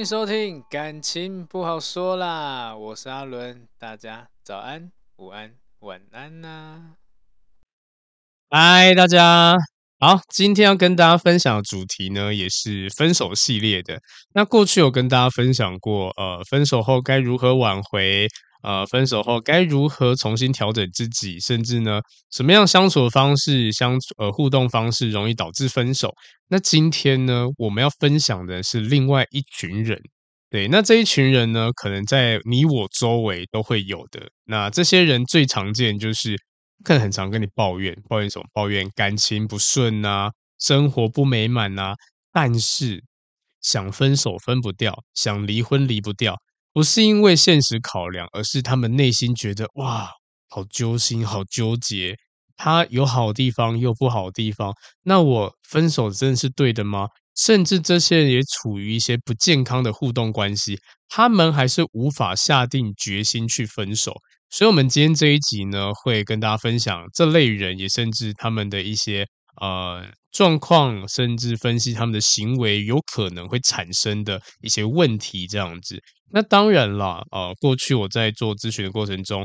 歡迎收聽，感情不好說啦，我是阿倫，大家早安、午安、晚安吶啊，嗨，大家好。今天要跟大家分享的主題呢，也是分手系列的。那過去有跟大家分享過，呃，分手後該如何挽回。呃，分手後該如何重新調整自己？甚至呢，什麼樣相處的方式、相呃互動方式容易導致分手？那今天呢，我們要分享的是另外一群人。對，那這一群人呢，可能在你我周圍都會有的。那這些人最常見就是，可能很常跟你抱怨，抱怨什麼？抱怨感情不順啊，生活不美滿啊，但是想分手分不掉，想離婚離不掉。不是因為現實考量，而是他們內心覺得哇，好揪心，好糾結。他有好地方，又不好地方。那我分手真的是對的嗎？甚至這些人也處於一些不健康的互動關係，他們還是無法下定決心去分手。所以，我們今天這一集呢，會跟大家分享這類人，也甚至他們的一些。呃，狀況，甚至分析他們的行為有可能會產生的一些問題，這樣子。那當然啦，呃，過去我在做諮詢的過程中，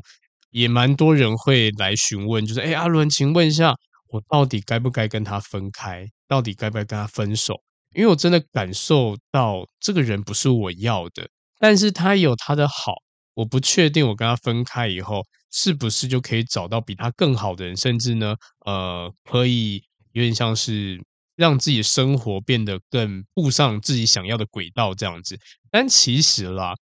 也蠻多人會來詢問，就是，哎、欸，阿倫，請問一下，我到底該不該跟他分開？到底該不該跟他分手？因為我真的感受到這個人不是我要的，但是他有他的好，我不確定我跟他分開以後，是不是就可以找到比他更好的人，甚至呢，呃，可以。有點像是讓自己生活變得更步上自己想要的軌道這樣子，但其實啦，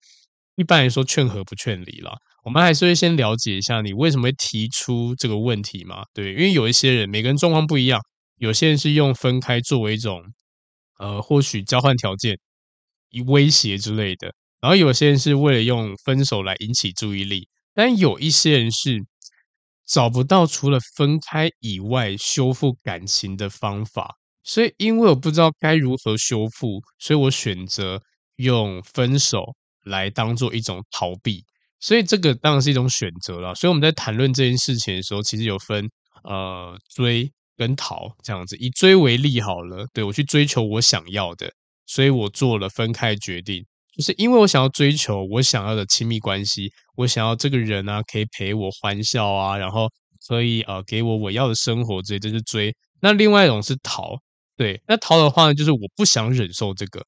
一般來說勸和不勸離啦，我們還是會先了解一下你為什麼會提出這個問題嘛？對，因為有一些人每個人狀況不一樣，有些人是用分開作為一種呃獲取交換條件以威脅之類的，然後有些人是為了用分手來引起注意力，但有一些人是。找不到除了分開以外修復感情的方法，所以因為我不知道該如何修復，所以我選擇用分手來當做一種逃避，所以這個當然是一種選擇了，所以我們在談論這件事情的時候，其實有分呃追跟逃這樣子。以追為例好了，對，我去追求我想要的，所以我做了分開決定。就是因為我想要追求我想要的親密關係，我想要這個人啊可以陪我歡笑啊，然後所以呃給我我要的生活這些，這、就是追。那另外一種是逃，對，那逃的話呢，就是我不想忍受這個，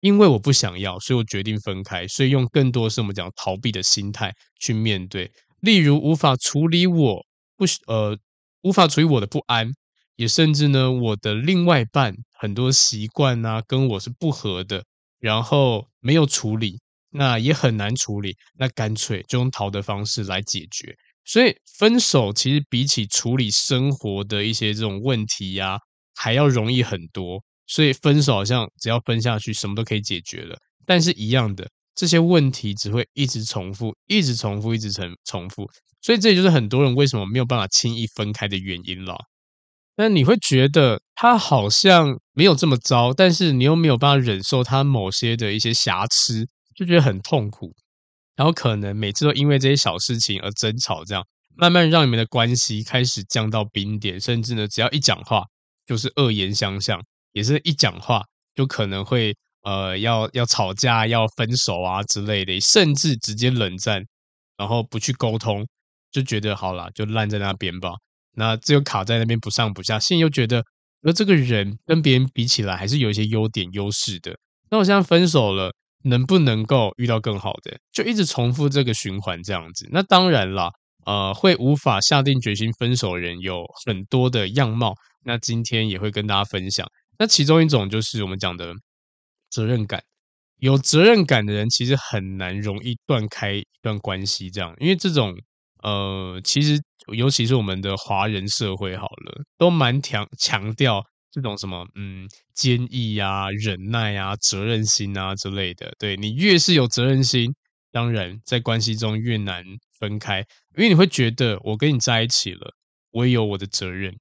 因為我不想要，所以我決定分開，所以用更多是我們講逃避的心態去面對。例如無法處理我不呃無法處理我的不安，也甚至呢我的另外一半很多習慣啊跟我是不合的。然後沒有處理，那也很難處理，那乾脆就用逃的方式來解決。所以分手其實比起處理生活的一些這種問題呀，還要容易很多。所以分手好像只要分下去，什麼都可以解決了。但是，一樣的這些問題只會一直重複，一直重複，一直重重複。所以這也就是很多人為什麼沒有辦法輕易分開的原因了。但你會覺得他好像沒有這麼糟，但是你又沒有辦法忍受他某些的一些瑕疵，就覺得很痛苦。然後可能每次都因為這些小事情而爭吵，這樣慢慢讓你們的關係開始降到冰點，甚至呢，只要一講話就是惡言相向，也是一講話就可能會呃要要吵架、要分手啊之類的，甚至直接冷戰，然後不去溝通，就覺得好了，就爛在那邊吧。那只有卡在那邊不上不下，現在又覺得，而這個人跟別人比起來還是有一些優點優勢的。那我現在分手了，能不能夠遇到更好的？就一直重複這個循環這樣子。那當然啦，呃，會無法下定決心分手的人有很多的樣貌。那今天也會跟大家分享，那其中一種就是我們講的責任感。有責任感的人其實很難容易斷開一段關係，這樣，因為這種。呃，其實尤其是我們的華人社會，好了，都蠻強強調這種什麼，嗯，堅毅啊、忍耐啊、責任心啊之類的。對，你越是有責任心，當然在關係中越難分開，因為你會覺得我跟你在一起了，我也有我的責任。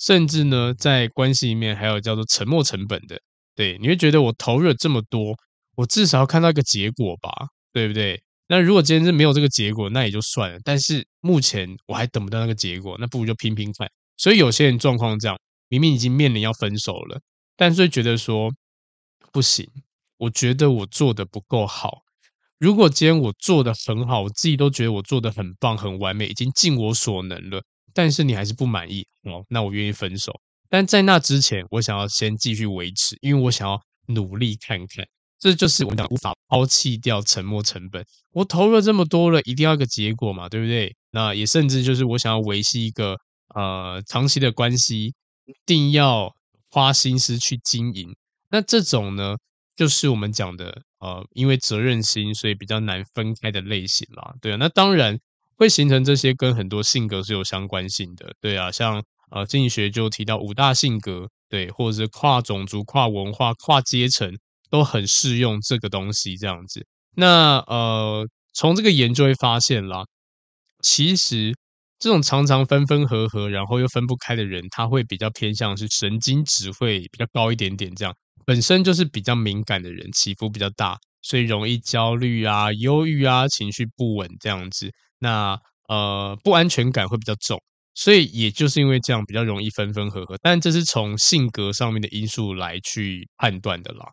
甚至呢，在關係裡面還有叫做沉沒成本的，對，你會覺得我投入了這麼多，我至少要看到一個結果吧，對不對？那如果今天是沒有這個結果，那也就算了。但是目前我還等不到那個結果，那不如就拼拼看。所以有些人狀況這樣，明明已經面臨要分手了，但是會覺得說不行，我覺得我做的不夠好。如果今天我做的很好，我自己都覺得我做的很棒、很完美，已經盡我所能了，但是你還是不滿意哦、嗯，那我願意分手。但在那之前，我想要先繼續維持，因為我想要努力看看。這就是我們講，無法拋棄掉沉沒成本。我投入了這麼多了，一定要一個結果嘛，對不對？那也甚至就是我想要維繫一個呃長期的關係，一定要花心思去經營。那這種呢，就是我們講的呃，因為責任心，所以比較難分開的類型啦。對啊，那當然會形成這些跟很多性格是有相關性的。對啊，像呃，經濟學就提到五大性格，對，或者是跨種族、跨文化、跨階層。都很適用這個東西這樣子。那呃，從這個研究會發現啦，其實這種常常分分合合，然後又分不開的人，他會比較偏向是神經質會比較高一點點，這樣本身就是比較敏感的人，起伏比較大，所以容易焦慮啊、憂鬱啊、情緒不穩這樣子。那呃，不安全感會比較重，所以也就是因為這樣比較容易分分合合，但這是從性格上面的因素來去判斷的啦。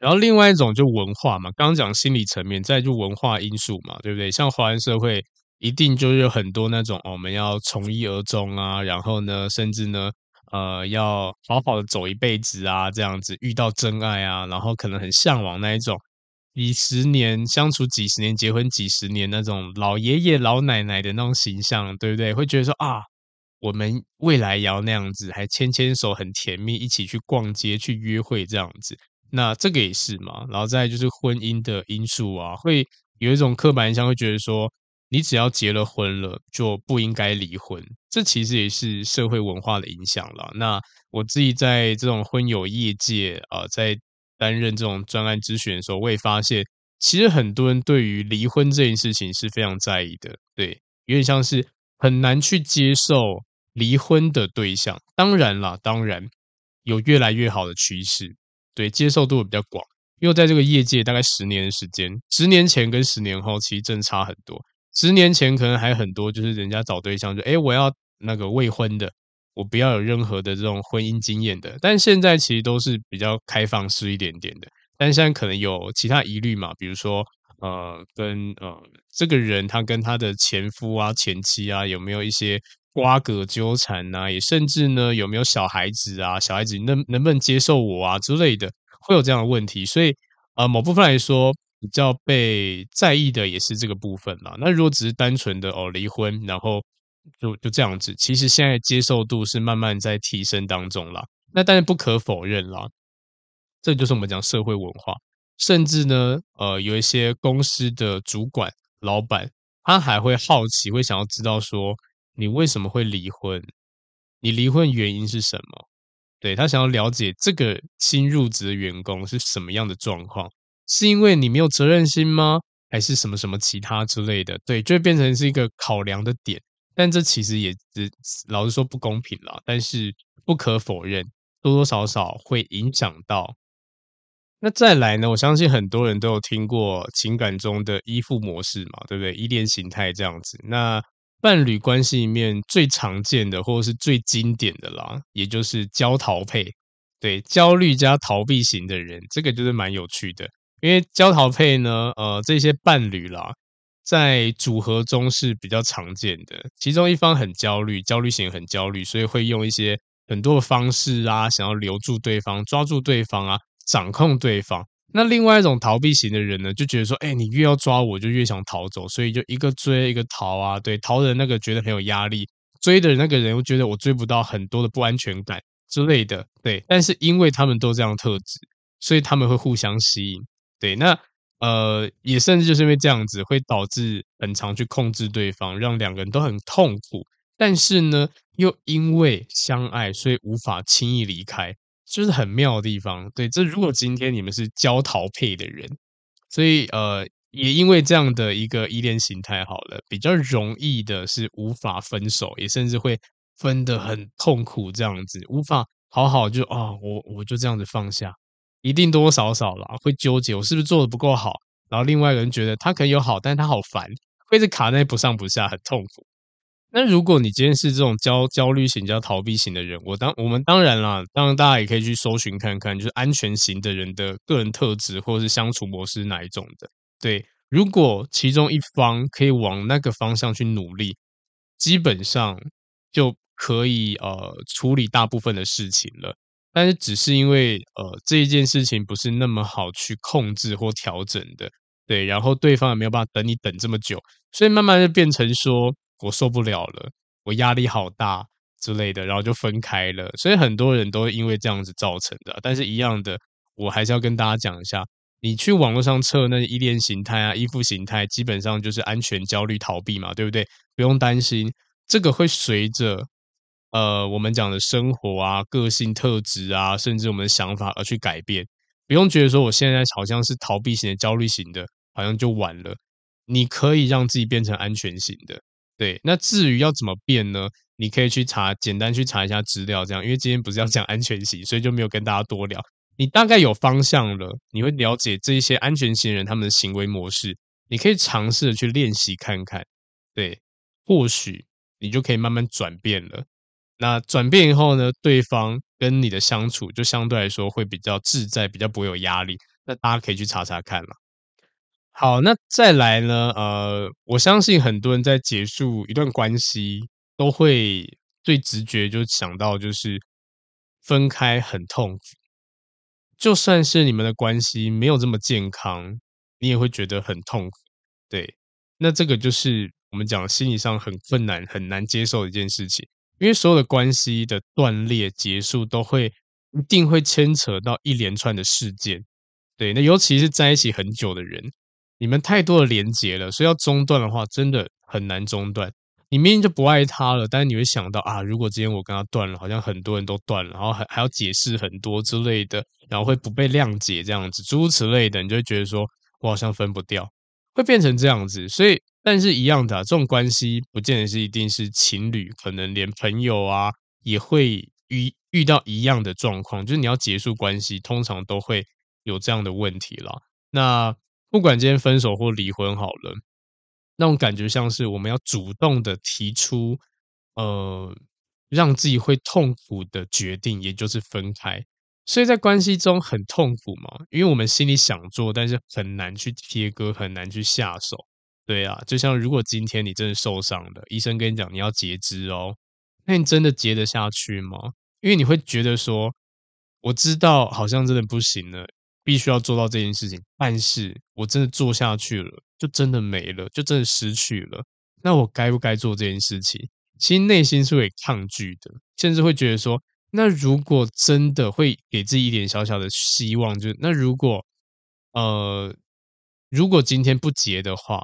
然後另外一種就文化嘛，剛剛講心理層面，再就文化因素嘛，對不對？像華人社會一定就是有很多那種、哦、我們要從一而終啊，然後呢，甚至呢，呃，要好好的走一輩子啊，這樣子遇到真愛啊，然後可能很向往那一種，幾十年相處幾十年，結婚幾十年那種老爺爺老奶奶的那種形象，對不對？會覺得說啊，我們未來也要那樣子，還牽牽手很甜蜜，一起去逛街去約會這樣子。那這個也是嘛，然後再就是婚姻的因素啊，會有一種刻板印象，會覺得說，你只要結了婚了就不應該離婚。這其實也是社會文化的影響啦。那我自己在這種婚友業界啊、呃，在擔任這種專案諮詢的時候，我也發現，其實很多人對於離婚這件事情是非常在意的，對，有點像是很難去接受離婚的對象。當然啦，當然有越來越好的趨勢。對，接受度比較廣，因為在這個業界大概十年的時間，十年前跟十年後其實真差很多。十年前可能還很多，就是人家找對象就誒我要那個未婚的，我不要有任何的這種婚姻經驗的。但現在其實都是比較開放式一點點的，但現在可能有其他疑慮嘛，比如說呃，跟呃這個人他跟他的前夫啊、前妻啊有沒有一些。瓜葛糾纏吶、啊，也甚至呢，有沒有小孩子啊？小孩子能能不能接受我啊之類的，會有這樣的問題。所以，呃，某部分來說，比較被在意的也是這個部分嘛。那如果只是單純的哦離婚，然後就就這樣子，其實現在接受度是慢慢在提升當中啦。那當然不可否認啦，這就是我們講社會文化，甚至呢，呃，有一些公司的主管、老闆，他還會好奇，會想要知道說。你為什麼會離婚？你離婚原因是什麼？對，他想要了解這個新入職的員工是什麼樣的狀況，是因為你沒有責任心嗎？還是什麼什麼其他之類的？對，就會變成是一個考量的點。但這其實也是老實說不公平啦，但是不可否認，多多少少會影響到。那再來呢？我相信很多人都有聽過情感中的依附模式嘛，對不對？依戀形態這樣子，那。伴侶關係裡面最常見的，或者是最經典的啦，也就是焦逃配。對，焦慮加逃避型的人，這個就是蠻有趣的，因為焦逃配呢，呃，這些伴侶啦，在組合中是比較常見的。其中一方很焦慮，焦慮型很焦慮，所以會用一些很多的方式啊，想要留住對方，抓住對方啊，掌控對方。那另外一種逃避型的人呢，就覺得說，哎、欸，你越要抓我，就越想逃走，所以就一個追一個逃啊。對，逃的那個覺得很有壓力，追的那個人又覺得我追不到，很多的不安全感之類的。對，但是因為他們都這樣特質，所以他們會互相吸引。對，那呃，也甚至就是因為這樣子，會導致很常去控制對方，讓兩個人都很痛苦。但是呢，又因為相愛，所以無法輕易離開。就是很妙的地方，對，這如果今天你們是焦逃配的人，所以呃，也因為這樣的一個依戀形態，好了，比較容易的是無法分手，也甚至會分得很痛苦，這樣子無法好好就啊，我我就這樣子放下，一定多多少少了會糾結，我是不是做得不夠好，然後另外一個人覺得他可能有好，但是他好煩，會是卡在不上不下，很痛苦。那如果你今天是這種焦焦慮型、加逃避型的人，我當我們當然啦，當然大家也可以去搜尋看看，就是安全型的人的個人特質或者是相處模式哪一種的。對，如果其中一方可以往那個方向去努力，基本上就可以呃處理大部分的事情了。但是只是因為呃這一件事情不是那麼好去控制或調整的，對，然後對方也沒有辦法等你等這麼久，所以慢慢就變成說。我受不了了，我壓力好大之類的，然後就分開了。所以很多人都會因為這樣子造成的。但是一樣的，我還是要跟大家講一下：你去網絡上測那依戀形態啊、依附形態，基本上就是安全、焦慮、逃避嘛，對不對？不用擔心，這個會隨着呃我們講的生活啊、個性特質啊，甚至我們的想法而去改變。不用覺得說我現在好像是逃避型的、焦慮型的，好像就晚了。你可以讓自己變成安全型的。對，那至於要怎麼變呢？你可以去查，簡單去查一下資料，這樣。因為今天不是要講安全型，所以就沒有跟大家多聊。你大概有方向了，你會了解這一些安全型人他們的行為模式，你可以嘗試著去練習看看。對，或許你就可以慢慢轉變了。那轉變以後呢，對方跟你的相處就相對來說會比較自在，比較不會有壓力。那大家可以去查查看了。好，那再來呢？呃，我相信很多人在結束一段關係，都會最直覺就想到就是分開很痛苦。就算是你們的關係沒有這麼健康，你也會覺得很痛苦。對，那這個就是我們講心理上很困難、很難接受的一件事情，因為所有的關係的斷裂結束，都會一定會牽扯到一連串的事件。對，那尤其是在一起很久的人。你們太多的連結了，所以要中斷的話，真的很難中斷。你明明就不愛他了，但是你會想到啊，如果今天我跟他斷了，好像很多人都斷了，然後還還要解釋很多之類的，然後會不被諒解這樣子，諸如此類的，你就會覺得說我好像分不掉，會變成這樣子。所以，但是一樣的啊，這種關係不見得是一定是情侶，可能連朋友啊，也會遇遇到一樣的狀況，就是你要結束關係，通常都會有這樣的問題啦。那。不管今天分手或離婚好了，那種感覺像是我們要主動的提出，呃，讓自己會痛苦的決定，也就是分開。所以在關係中很痛苦嘛，因為我們心裡想做，但是很難去切割，很難去下手。對啊，就像如果今天你真的受傷了，醫生跟你講你要截肢哦，那你真的截得下去嗎？因為你會覺得說，我知道好像真的不行了。必須要做到這件事情，但是我真的做下去了，就真的沒了，就真的失去了。那我該不該做這件事情？其實內心是會抗拒的，甚至會覺得說，那如果真的會給自己一點小小的希望，就是那如果呃，如果今天不結的話，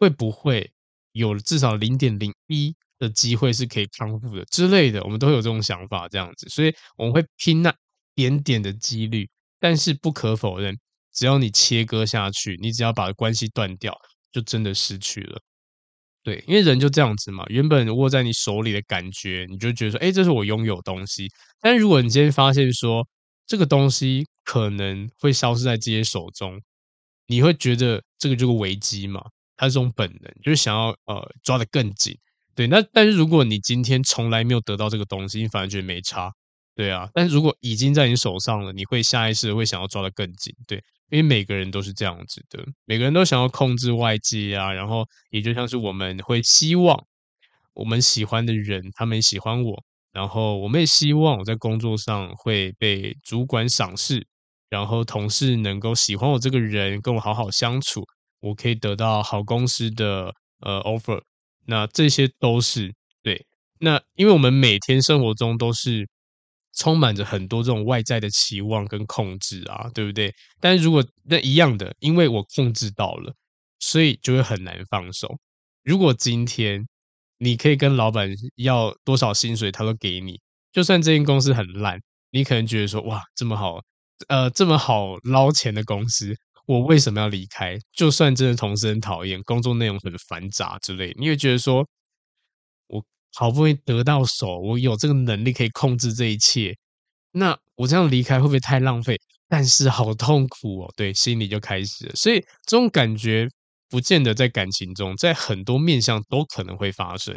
會不會有至少零點零一的機會是可以康復的之類的？我們都會有這種想法，這樣子，所以我們會拼那點點的幾率。但是不可否認，只要你切割下去，你只要把關係斷掉，就真的失去了。對，因為人就這樣子嘛，原本握在你手裡的感覺，你就覺得說，哎，這是我擁有的東西。但如果你今天發現說，這個東西可能會消失在自己手中，你會覺得這個就是危機嘛，它是一種本能，就是想要呃抓得更緊。對，那但是如果你今天從來沒有得到這個東西，你反而覺得沒差。對啊，但是如果已經在你手上了，你會下意識會想要抓得更緊，對，因為每個人都是這樣子的，每個人都想要控制外界啊，然後也就像是我們會希望我們喜歡的人他們喜歡我，然後我們也希望我在工作上會被主管賞識，然後同事能夠喜歡我這個人，跟我好好相處，我可以得到好公司的呃 offer，那這些都是，對，那因為我們每天生活中都是。充滿着很多這種外在的期望跟控制啊，對不對？但如果那一樣的，因為我控制到了，所以就會很難放手。如果今天你可以跟老闆要多少薪水，他都給你，就算這間公司很爛，你可能覺得說哇，這麼好，呃，這麼好撈錢的公司，我為什麼要離開？就算真的同事很討厭，工作內容很繁雜之類，你也覺得說。好不容易得到手，我有這個能力可以控制這一切，那我這樣離開會不會太浪費？但是好痛苦哦，對，心裡就開始了，所以這種感覺不見得在感情中，在很多面向都可能會發生，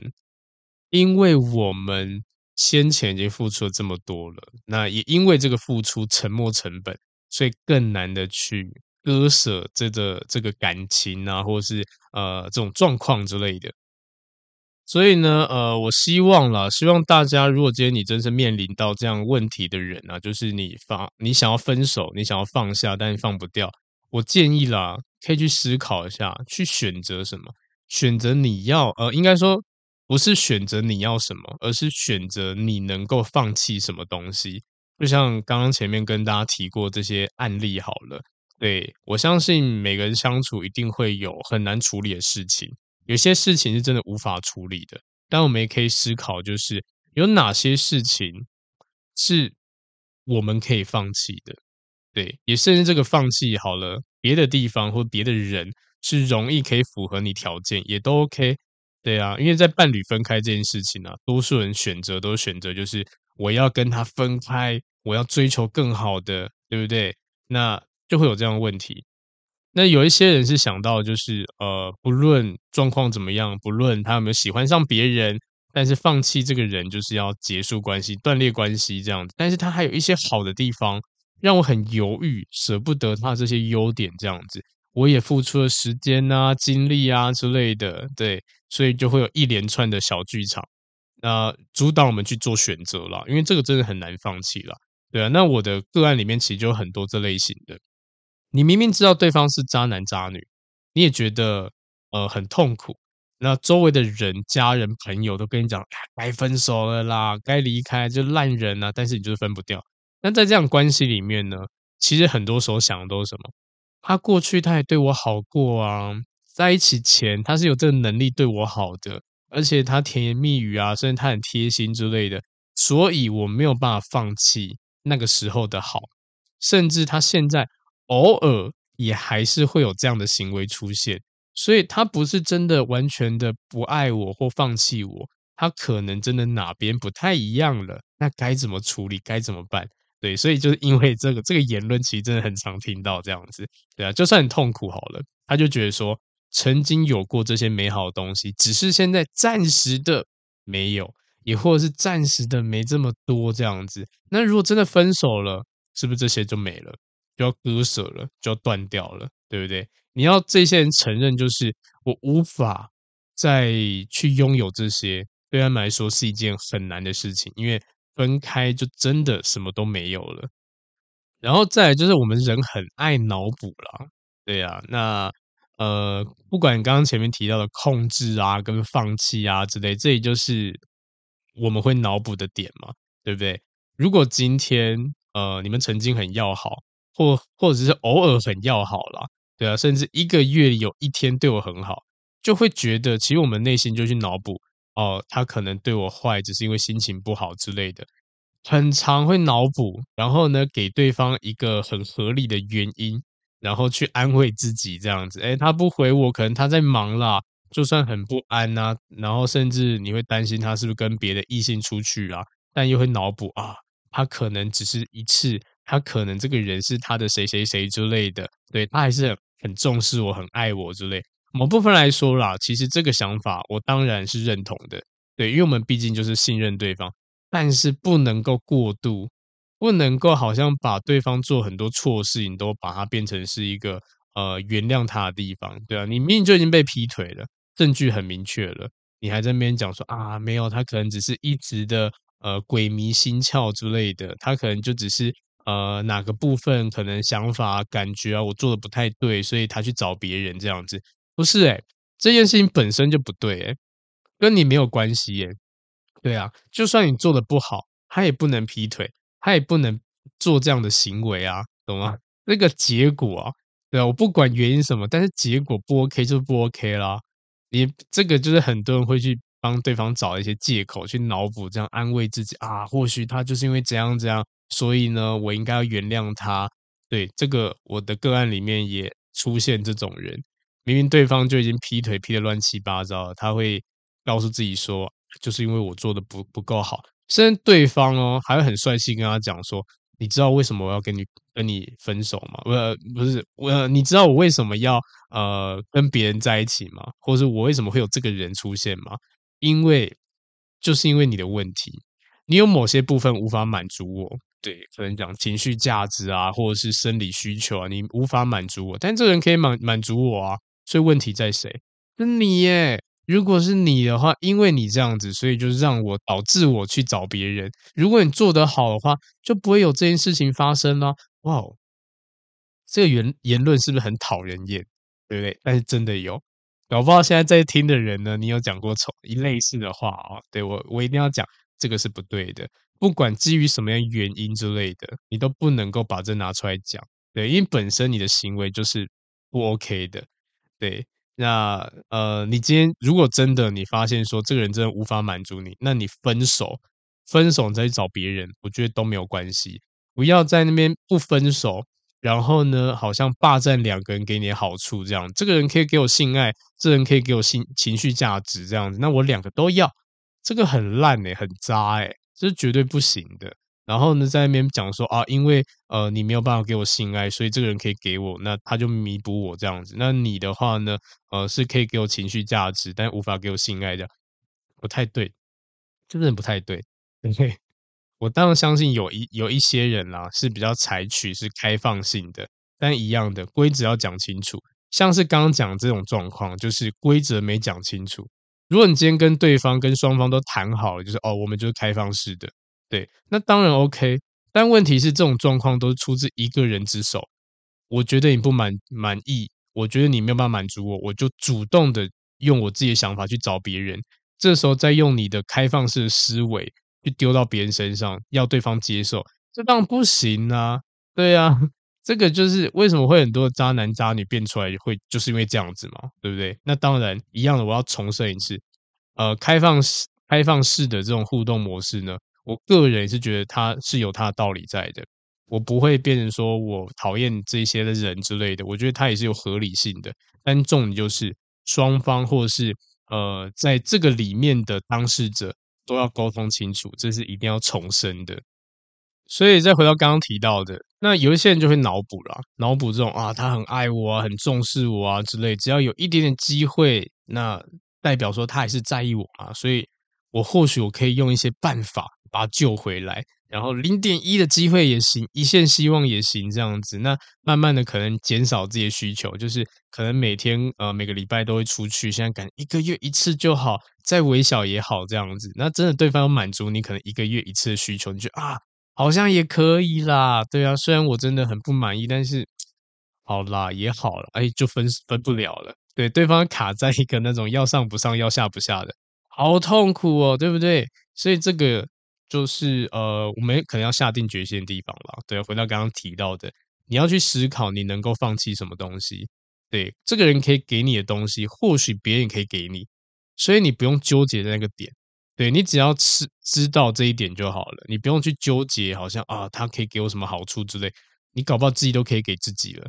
因為我們先前已經付出了這麼多了，那也因為這個付出沉沒成本，所以更難的去割捨這個這個感情啊，或者是呃這種狀況之類的。所以呢，呃，我希望啦，希望大家如果今天你真是面臨到這樣問題的人啊，就是你放，你想要分手，你想要放下，但是放不掉。我建議啦，可以去思考一下，去選擇什麼？選擇你要，呃，應該說不是選擇你要什麼，而是選擇你能夠放棄什麼東西。就像剛剛前面跟大家提過這些案例好了。對，我相信每個人相處一定會有很難處理的事情。有些事情是真的無法處理的，但我們也可以思考，就是有哪些事情是我們可以放棄的。對，也甚至這個放棄好了，別的地方或別的人是容易可以符合你條件，也都 OK。對啊，因為在伴侶分開這件事情呢，啊，多數人選擇都選擇就是我要跟他分開，我要追求更好的，對不對？那就會有這樣的問題。那有一些人是想到，就是呃，不論狀況怎麼樣，不論他有沒有喜歡上別人，但是放棄這個人就是要結束關係、斷裂關係這樣子。但是他還有一些好的地方，讓我很猶豫，捨不得他這些優點這樣子。我也付出了時間啊、精力啊之類的，對，所以就會有一連串的小劇場，那阻擋我們去做選擇了，因為這個真的很難放棄了，對啊。那我的個案裡面其實就有很多這類型的。你明明知道對方是渣男渣女，你也覺得呃很痛苦。那周圍的人、家人、朋友都跟你講，該、哎、分手了啦，該離開就爛人啊。但是你就是分不掉。那在這樣關係裡面呢，其實很多時候想的都是什麼？他過去他也對我好過啊，在一起前他是有這個能力對我好的，而且他甜言蜜語啊，甚至他很貼心之類的，所以我沒有辦法放棄那個時候的好，甚至他現在。偶爾也還是會有這樣的行為出現，所以他不是真的完全的不愛我或放棄我，他可能真的哪邊不太一樣了。那該怎麼處理？該怎麼辦？對，所以就是因為這個這個言論，其實真的很常聽到這樣子，對啊，就算很痛苦好了，他就覺得說曾經有過這些美好的東西，只是現在暫時的沒有，也或者是暫時的沒這麼多這樣子。那如果真的分手了，是不是這些就沒了？就要割捨了，就要斷掉了，對不對？你要這些人承認，就是我無法再去擁有這些，對他們來說是一件很難的事情，因為分開就真的什麼都沒有了。然後再來就是，我們人很愛腦補了，對呀、啊，那呃，不管你剛剛前面提到的控制啊、跟放棄啊之類，這也就是我們會腦補的點嘛，對不對？如果今天呃，你們曾經很要好。或或者是偶爾很要好啦，對啊，甚至一個月有一天對我很好，就會覺得其實我們內心就去腦補哦，他可能對我壞，只是因為心情不好之類的，很常會腦補，然後呢，給對方一個很合理的原因，然後去安慰自己這樣子。誒，他不回我，可能他在忙啦，就算很不安吶，然後甚至你會擔心他是不是跟別的異性出去啊，但又會腦補啊，他可能只是一次。他可能這個人是他的誰誰誰之類的，對他還是很、很重視我，我很愛我之類。某部分來說啦，其實這個想法我當然是認同的，對，因為我們畢竟就是信任對方，但是不能夠過度，不能夠好像把對方做很多錯事，你都把它變成是一個呃原諒他的地方，對啊，你明明就已經被劈腿了，證據很明確了，你還在那邊講說啊沒有，他可能只是一直的呃鬼迷心竅之類的，他可能就只是。呃，哪個部分可能想法、感覺啊，我做的不太對，所以他去找別人這樣子，不是誒，這件事情本身就不對誒，跟你沒有關係誒。對啊，就算你做的不好，他也不能劈腿，他也不能做這樣的行為啊，懂嗎？那個結果啊，對啊，我不管原因什麼，但是結果不 OK 就不 OK 啦。你這個就是很多人會去幫對方找一些借口去腦補，這樣安慰自己啊，或許他就是因為怎樣怎樣。所以呢，我應該要原諒他。對，這個，我的個案裡面也出現這種人，明明對方就已經劈腿劈得亂七八糟了，他會告訴自己說，就是因為我做得不不夠好。甚至對方哦，還會很帥氣跟他講說：“你知道為什麼我要跟你跟你分手嗎？不是，不是我，你知道我為什麼要呃跟別人在一起嗎？或者是我為什麼會有這個人出現嗎？因為就是因為你的問題，你有某些部分無法滿足我。”對，可能講情緒價值啊，或者是生理需求啊，你無法滿足我，但這個人可以滿滿足我啊，所以問題在誰？是你耶！如果是你的話，因為你這樣子，所以就讓我導致我去找別人。如果你做得好的話，就不會有這件事情發生啦，啊。哇哦，這個言言論是不是很討人厭，對不對？但是真的有，我不知道現在在聽的人呢，你有講過一類似的話啊，哦？對，我，我一定要講，這個是不對的。不管基於什麼樣的原因之類的，你都不能夠把這拿出來講，對，因為本身你的行為就是不 OK 的，對，那呃，你今天如果真的你發現說這個人真的無法滿足你，那你分手，分手再去找別人，我覺得都沒有關係，不要在那邊不分手，然後呢，好像霸占兩個人給你的好處這樣，這個人可以給我性愛，這個人可以給我性情緒價值這樣子，那我兩個都要，這個很爛哎，很渣哎。這是絕對不行的。然後呢，在那邊講說啊，因為呃，你沒有辦法給我性愛，所以這個人可以給我，那他就彌補我這樣子。那你的話呢，呃，是可以給我情緒價值，但無法給我性愛這樣，不太對，這個人不太對。OK， 我當然相信有一有一些人啦是比較採取是開放性的，但一樣的規則要講清楚。像是剛剛講這種狀況，就是規則沒講清楚。如果你今天跟對方、跟雙方都談好了，就是哦，我們就是開放式的，對，那當然 OK。但問題是，這種狀況都是出自一個人之手，我覺得你不滿滿意，我覺得你沒有辦法滿足我，我就主動的用我自己的想法去找別人，這時候再用你的開放式的思維去丟到別人身上，要對方接受，這當然不行啊，對呀、啊。這個就是為什麼會很多渣男渣女變出來會，就是因為這樣子嘛，對不對？那當然一樣的，我要重申一次，呃，開放開放式的這種互動模式呢，我個人是覺得它是有它的道理在的，我不會變成說我討厭這些的人之類的，我覺得它也是有合理性的。但重點就是雙方或者是呃，在這個裡面的當事者都要溝通清楚，這是一定要重申的。所以再回到剛剛提到的，那有一些人就會腦補了，腦補這種啊，他很愛我啊，很重視我啊之類。只要有一點點機會，那代表說他還是在意我啊，所以我或許我可以用一些辦法把他救回來。然後零點一的機會也行，一線希望也行，這樣子。那慢慢的可能減少自己的需求，就是可能每天呃每個禮拜都會出去，現在感覺一個月一次就好，再微小也好，這樣子。那真的對方滿足你可能一個月一次的需求，你就啊。好像也可以啦，對啊，雖然我真的很不滿意，但是好啦，也好了，哎、欸，就分分不了了，對，對方卡在一個那種要上不上要下不下的，好痛苦哦，對不對？所以這個就是呃，我們可能要下定決心的地方了。對，回到剛剛提到的，你要去思考你能夠放棄什麼東西，對，這個人可以給你的東西，或許別人也可以給你，所以你不用糾結在那個點。對，你只要知知道這一點就好了，你不用去糾結，好像啊，他可以給我什麼好處之類，你搞不好自己都可以給自己了，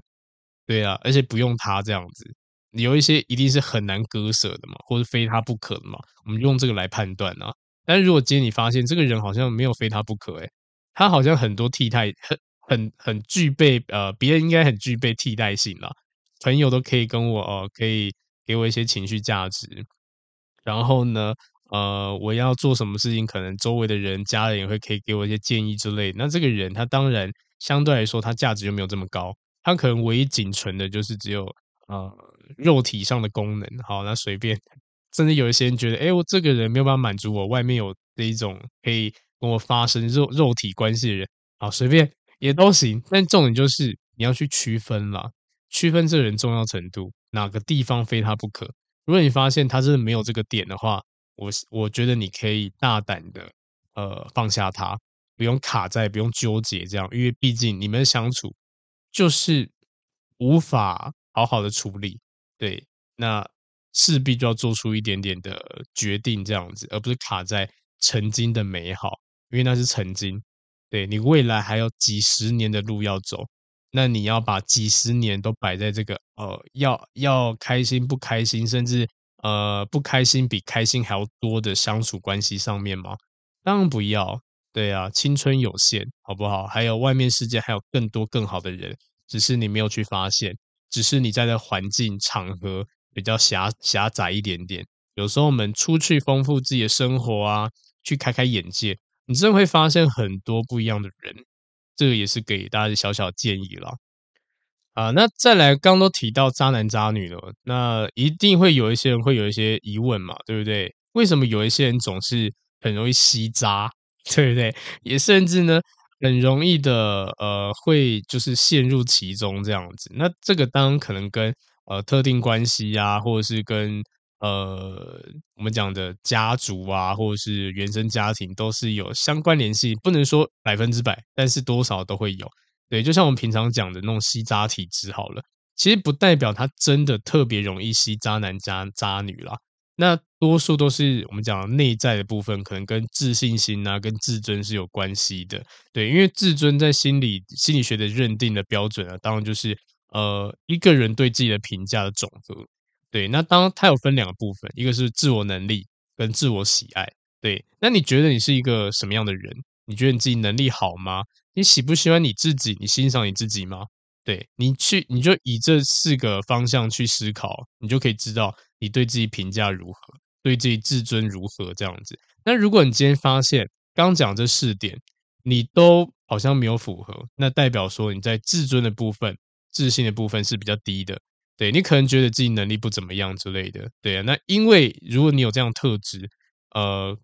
對啊，而且不用他這樣子，有一些一定是很難割捨的嘛，或者非他不可的嘛，我們用這個來判斷啊。但是如果今天你發現這個人好像沒有非他不可，欸，哎，他好像很多替代，很很很具備，呃，別人應該很具備替代性啦。朋友都可以跟我哦，呃，可以給我一些情緒價值，然後呢？呃，我要做什麼事情，可能周圍的人、家人也會可以給我一些建議之類。那這個人，他當然相對來說，他價值就沒有這麼高。他可能唯一僅存的就是只有啊、呃、肉體上的功能。好，那隨便，甚至有一些人覺得，哎、欸，我這個人沒有辦法滿足我，外面有的一種可以跟我發生肉肉體關係的人，好隨便也都行。但重點就是你要去區分啦，區分這個人重要程度，哪個地方非他不可。如果你發現他真的沒有這個點的話，我我覺得你可以大膽的呃放下它，不用卡在，不用糾結這樣，因為畢竟你們相處就是無法好好的處理，對，那勢必就要做出一點點的決定這樣子，而不是卡在曾經的美好，因為那是曾經，對，你未來還有幾十年的路要走，那你要把幾十年都擺在這個哦、呃，要要開心不開心，甚至。呃，不開心比開心還要多的相處關係上面嗎？當然不要，對啊，青春有限，好不好？還有外面世界還有更多更好的人，只是你沒有去發現，只是你在的環境場合比較狹狹窄一點點。有時候我們出去豐富自己的生活啊，去開開眼界，你真的會發現很多不一樣的人。這個也是給大家的小小的建議了。啊、呃，那再來，剛剛都提到渣男渣女了，那一定會有一些人會有一些疑問嘛，對不對？為什麼有一些人總是很容易吸渣，對不對？也甚至呢，很容易的，呃，會就是陷入其中這樣子。那這個當然可能跟呃特定關係啊，或者是跟呃我們講的家族啊，或者是原生家庭都是有相關聯繫，不能說百分之百，但是多少都會有。對，就像我們平常講的那種吸渣體質好了，其實不代表他真的特別容易吸渣男渣渣女啦。那多數都是我們講的內在的部分，可能跟自信心啊、跟自尊是有關係的。對，因為自尊在心理心理學的認定的標準啊，當然就是呃一個人對自己的評價的總和。對，那當然它有分兩個部分，一個是自我能力跟自我喜愛。對，那你覺得你是一個什麼樣的人？你覺得你自己能力好嗎？你喜不喜歡你自己？你欣賞你自己嗎？對你去，你就以這四個方向去思考，你就可以知道你對自己評價如何，對自己自尊如何這樣子。那如果你今天發現剛講這四點，你都好像沒有符合，那代表說你在自尊的部分、自信的部分是比較低的。對你可能覺得自己能力不怎麼樣之類的，對啊。那因為如果你有這樣特質，呃，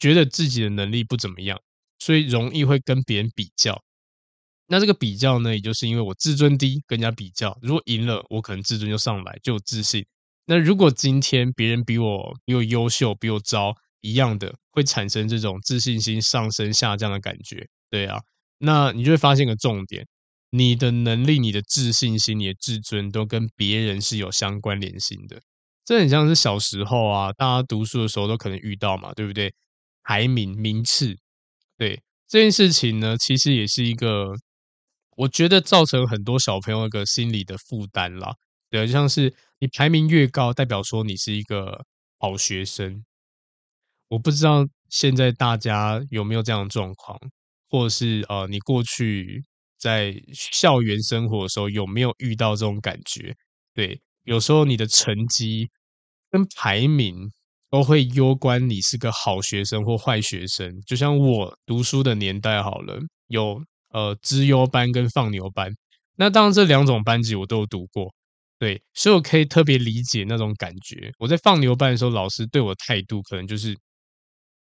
覺得自己的能力不怎麼樣。所以容易會跟別人比較，那這個比較呢，也就是因為我自尊低，跟人家比較，如果贏了，我可能自尊就上來，就有自信。那如果今天別人比我又優秀，比我糟，一樣的會產生這種自信心上升下降的感覺，對啊。那你就會發現個重點，你的能力、你的自信心、你的自尊都跟別人是有相關聯性的。這很像是小時候啊，大家讀書的時候都可能遇到嘛，對不對？排名、名次。對，這件事情呢，其實也是一個，我覺得造成很多小朋友一個心理的負擔啦。對，就像是你排名越高，代表說你是一個好學生。我不知道現在大家有沒有這樣的狀況，或者是呃，你過去在校園生活的時候有沒有遇到這種感覺？對，有時候你的成績跟排名。都會攸關你是個好學生或壞學生，就像我讀書的年代好了，有呃資優班跟放牛班，那當然這兩種班級我都有讀過，對，所以我可以特別理解那種感覺。我在放牛班的時候，老師對我態度可能就是，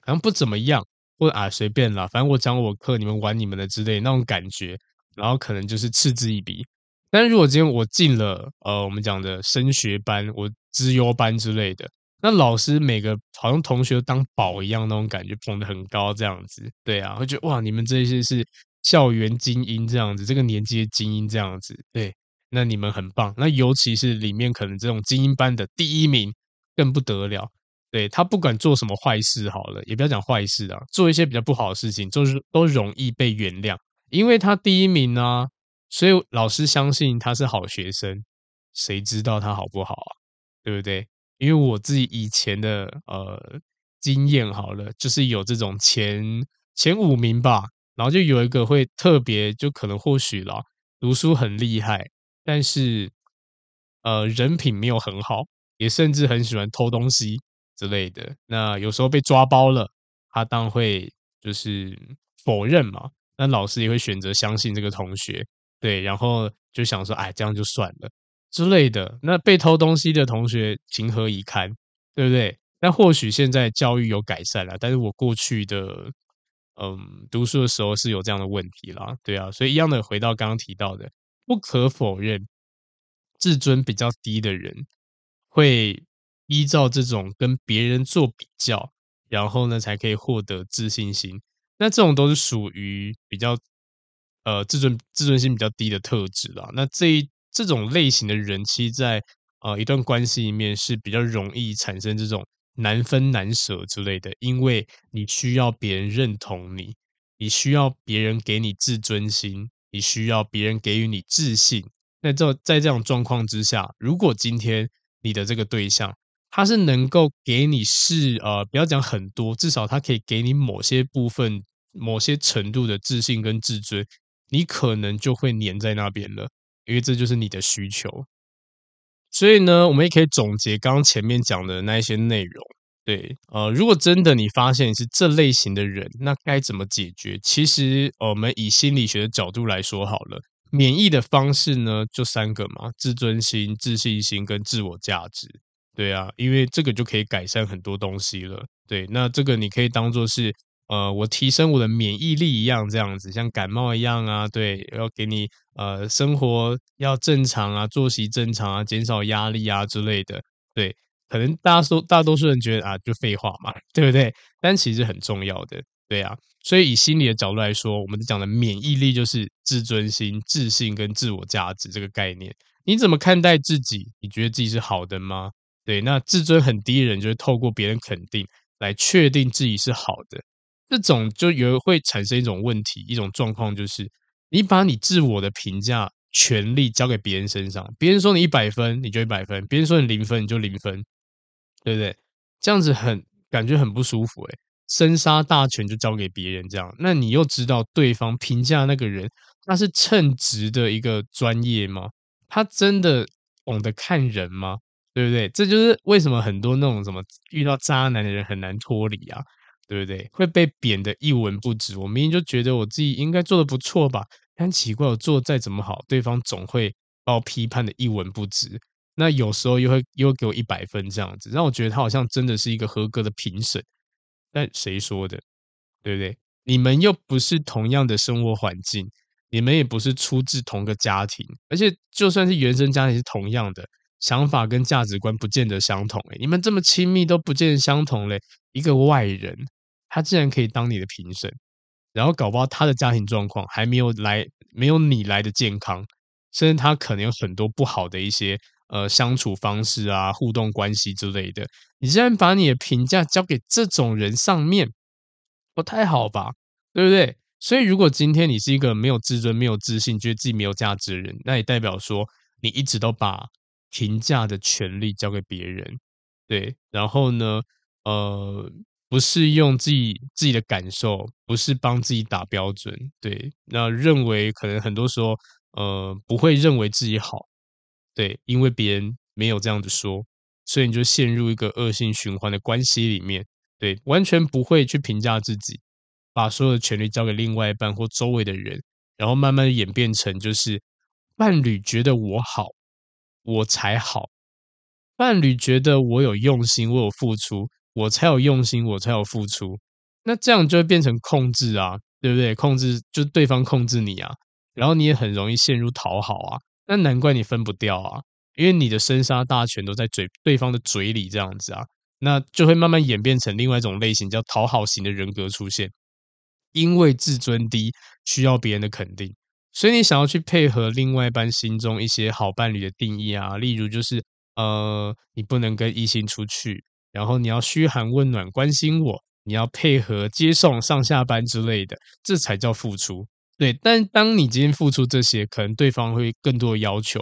好像不怎麼樣，或者啊隨便啦，反正我講我課，你們玩你們的之類的那種感覺，然後可能就是嗤之以鼻。但是如果今天我進了呃我們講的升學班，我資優班之類的。那老師每個好像同學當寶一樣那種感覺，捧得很高這樣子，對啊，會覺得哇，你們這些是校園精英這樣子，這個年紀的精英這樣子，對，那你們很棒。那尤其是裡面可能這種精英班的第一名更不得了，對，他不管做什麼壞事，好了，也不要講壞事啊，做一些比較不好的事情，就是都容易被原諒，因為他第一名啊，所以老師相信他是好學生，誰知道他好不好啊，對不對？因為我自己以前的呃經驗好了，就是有這種前前五名吧，然後就有一個會特別就可能或許啦，讀書很厲害，但是呃人品沒有很好，也甚至很喜歡偷東西之類的。那有時候被抓包了，他當會就是否認嘛，那老師也會選擇相信這個同學，對，然後就想說，哎，這樣就算了。之類的，那被偷東西的同學情何以堪，對不對？那或許現在教育有改善啦，但是我過去的，嗯，讀書的時候是有這樣的問題啦，對啊，所以一樣的，回到剛剛提到的，不可否認，自尊比較低的人會依照這種跟別人做比較，然後呢，才可以獲得自信心。那這種都是屬於比較，呃，自尊自尊心比較低的特質啦。那這一。這種類型的人，其實在，呃，一段關係裡面是比較容易產生這種難分難舍之類的，因為你需要別人認同你，你需要別人給你自尊心，你需要別人給予你自信。那這在這種狀況之下，如果今天你的這個對象他是能夠給你是，呃，不要講很多，至少他可以給你某些部分、某些程度的自信跟自尊，你可能就會黏在那邊了。因為這就是你的需求，所以呢，我們也可以總結剛剛前面講的那一些內容。對，呃，如果真的你發現是這類型的人，那該怎麼解決？其實，呃，我們以心理學的角度來說好了，免疫的方式呢就三個嘛：自尊心、自信心跟自我價值。對啊，因為這個就可以改善很多東西了。對，那這個你可以當做是。呃，我提升我的免疫力一樣，這樣子像感冒一樣啊，對，要給你呃生活要正常啊，作息正常啊，減少壓力啊之類的，對，可能大多大多數人覺得啊，就廢話嘛，對不對？但其實很重要的，對啊。所以以心理的角度來說，我們講的免疫力就是自尊心、自信跟自我價值這個概念。你怎麼看待自己？你覺得自己是好的嗎？對，那自尊很低的人就會透過別人肯定來確定自己是好的。這種就有會產生一種問題，一種狀況，就是你把你自我的評價權利交給別人身上，別人說你一百分，你就一百分；別人說你零分，你就零分，對不對？這樣子很感覺很不舒服、欸，誒生殺大權就交給別人，這樣，那你又知道對方評價的那個人，他是稱職的一個專業嗎？他真的懂得看人嗎？對不對？這就是為什麼很多那種什麼遇到渣男的人很難脫離啊。對不對？會被貶得一文不值。我明明就覺得我自己應該做得不錯吧，但奇怪，我做得再怎麼好，對方總會把我批判得一文不值。那有時候又會又給我一百分這樣子，讓我覺得他好像真的是一個合格的評審。但誰說的？對不對？你們又不是同樣的生活環境，你們也不是出自同個家庭，而且就算是原生家庭是同樣的，想法跟價值觀不見得相同、欸。哎，你們這麼親密都不見得相同嘞、欸，一個外人。他竟然可以當你的評審，然後搞不好他的家庭狀況還沒有來，沒有你來的健康，甚至他可能有很多不好的一些呃相處方式啊、互動關係之類的。你竟然把你的評價交給這種人上面，不太好吧？對不對？所以如果今天你是一個沒有自尊、沒有自信、覺得自己沒有價值的人，那也代表說你一直都把評價的權利交給別人，對。然後呢，呃。不是用自己自己的感受，不是幫自己打標準，對，那認為可能很多時候，呃，不會認為自己好，對，因為別人沒有這樣子說，所以你就陷入一個惡性循環的關係裡面，對，完全不會去評價自己，把所有的權利交給另外一半或周圍的人，然後慢慢演變成就是，伴侶覺得我好，我才好，伴侶覺得我有用心，我有付出。我才有用心，我才有付出，那這樣就會變成控制啊，對不對？控制就是對方控制你啊，然後你也很容易陷入討好啊，那難怪你分不掉啊，因為你的生殺大權都在嘴，對方的嘴裡這樣子啊，那就會慢慢演變成另外一種類型，叫討好型的人格出現，因為自尊低，需要別人的肯定，所以你想要去配合另外一半心中一些好伴侶的定義啊，例如就是呃，你不能跟異性出去。然後你要噓寒問暖關心我，你要配合接送上下班之類的，這才叫付出。對，但當你今天付出這些，可能對方會更多要求，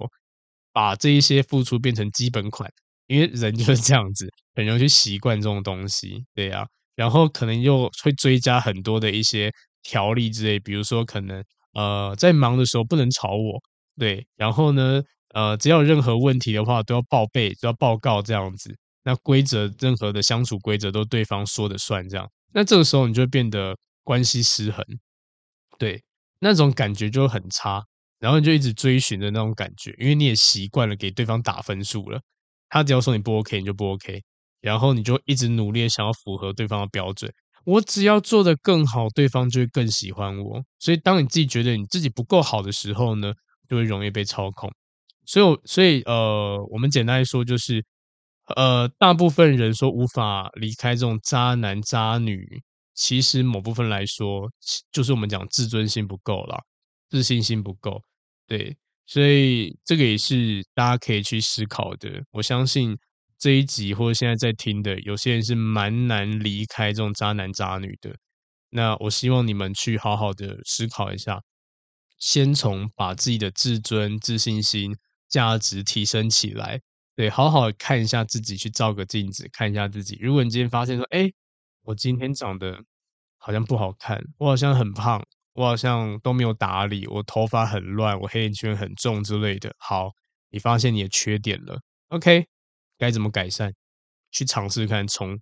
把這一些付出變成基本款，因為人就是這樣子，很容易去習慣這種東西。對呀、啊，然後可能又會追加很多的一些條例之類，比如說可能呃在忙的時候不能吵我，對，然後呢呃只要有任何問題的話都要報備，都要報告這樣子。那規則，任何的相處規則都對方說的算，這樣。那這個時候你就會變得關係失衡，對，那種感覺就很差。然後你就一直追尋着那種感覺，因為你也習慣了給對方打分數了。他只要說你不 OK，你就不 OK。然後你就一直努力想要符合對方的標準。我只要做得更好，對方就會更喜歡我。所以當你自己覺得你自己不夠好的時候呢，就會容易被操控。所以我，所以呃，我們簡單來說就是。呃，大部分人說無法離開這種渣男渣女，其實某部分來說，就是我們講自尊心不夠啦，自信心不夠。對，所以這個也是大家可以去思考的。我相信這一集或者現在在聽的，有些人是蠻難離開這種渣男渣女的。那我希望你們去好好的思考一下，先從把自己的自尊、自信心、價值提升起來。對，好好看一下自己，去照個鏡子，看一下自己。如果你今天發現說，哎，我今天長得好像不好看，我好像很胖，我好像都沒有打理，我頭髮很亂，我黑眼圈很重之類的。好，你發現你的缺點了，OK，該怎麼改善？去嘗試看，從